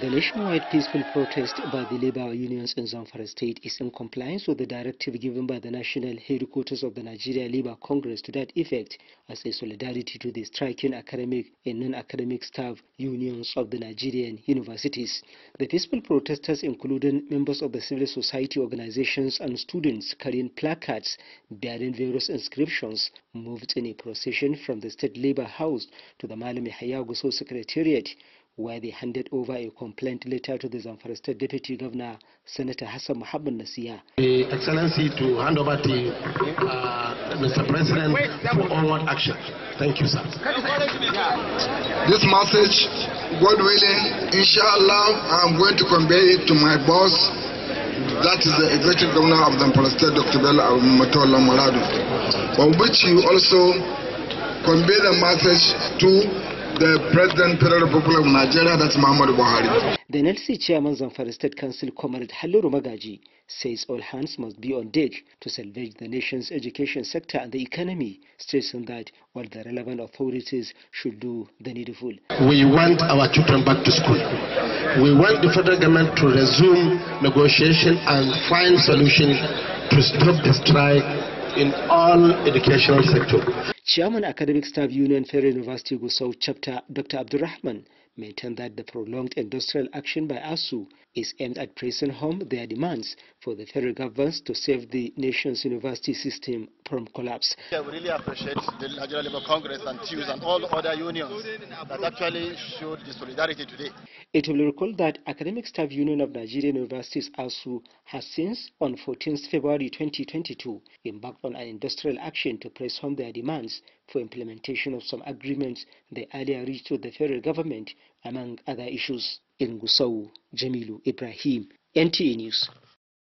The nationwide peaceful protest by the labor unions in Zamfara state is in compliance with the directive given by the national headquarters of the Nigeria Labor Congress to that effect as a solidarity to the striking academic and non-academic staff unions of the Nigerian universities. The peaceful protesters, including members of the civil society organizations and students carrying placards bearing various inscriptions, moved in a procession from the State Labor House to the Malam Hayaguso Secretariat where they handed over a complaint letter to the Zamfara State Deputy Governor, Senator Hassan Muhammad Nasir. The Excellency to hand over to uh, Mr. President for onward action. Thank you, sir. This message, God willing, inshallah, I'm going to convey it to my boss. That is the Executive Governor of Zamfara State, Dr. Bella Matola Morado, on which you also convey the message to the President of the of Nigeria, that's Muhammad Buhari. The NLC Chairman Zamfara State Council, Comrade Halilu Magaji, says all hands must be on deck to salvage the nation's education sector and the economy, stressing that all the relevant authorities should do the needful. We want our children back to school. We want the federal government to resume negotiation and find solutions to stop the strike in all educational sector. Chairman Academic Staff Union Federal University Gusau chapter Dr. Abdurrahman maintained that the prolonged industrial action by ASU is aimed at pressing home their demands for the federal government to save the nation's university system from collapse. Yeah, we really appreciate the Nigeria Labour Congress and TUS and all other unions that actually showed the solidarity today. It will be recalled that Academic Staff Union of Nigerian Universities, ASU, has since, on 14 February 2022, embarked on an industrial action to press home their demands for implementation of some agreements they earlier reached with the federal government, among other issues. In Gusau, Jamilu Ibrahim, NTA News.